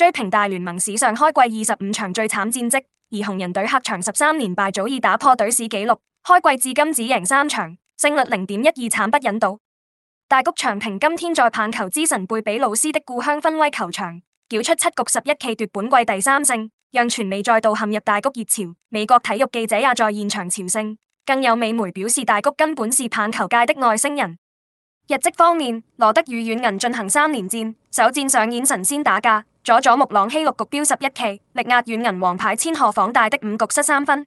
追平大聯盟史上開季二十五場最慘戰績，而紅人隊客場十三連敗早已打破隊史紀錄。開季至今只贏三場，勝率零點一二，慘不忍睹。大谷翔平今天在棒球之神貝比魯斯的故鄉芬威球場，繳出七局十一 K 奪本季第三勝，讓全美再度陷入大谷熱潮。美國體育記者也在現場朝聖，更有美媒表示大谷根本是棒球界的外星人。日職方面，羅德與軟銀進行三連戰，首戰上演神仙打架，佐佐木朗希六局飆十一 K，力壓軟銀王牌千賀滉大的五局失三分。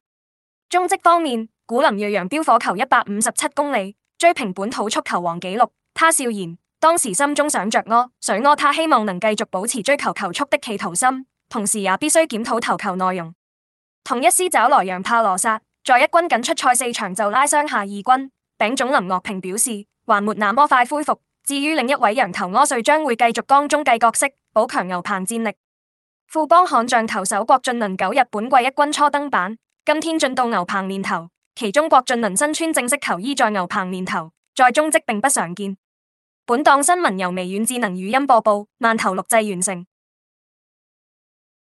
中職方面，古林睿煬飆火球一百五十七公里，追平本土速球王紀錄。他笑言，當時心中想着喔，水喔。他希望能繼續保持追求球速的企圖心，同時也必須檢討投球內容。統一獅找來洋將帕羅薩，在一軍僅出賽四場就拉傷下二軍。平總林岳平表示。還沒那麼快恢復。至於另一位羊頭阿帥將會繼續當中繼角色，補強牛棚戰力。富邦悍將投手郭俊麟九日本季一軍初登板，今天進到牛棚練投，其中郭俊麟身穿正式球衣在牛棚練投，在中職並不常見。本檔新聞由微軟智能語音播報，慢投錄製完成。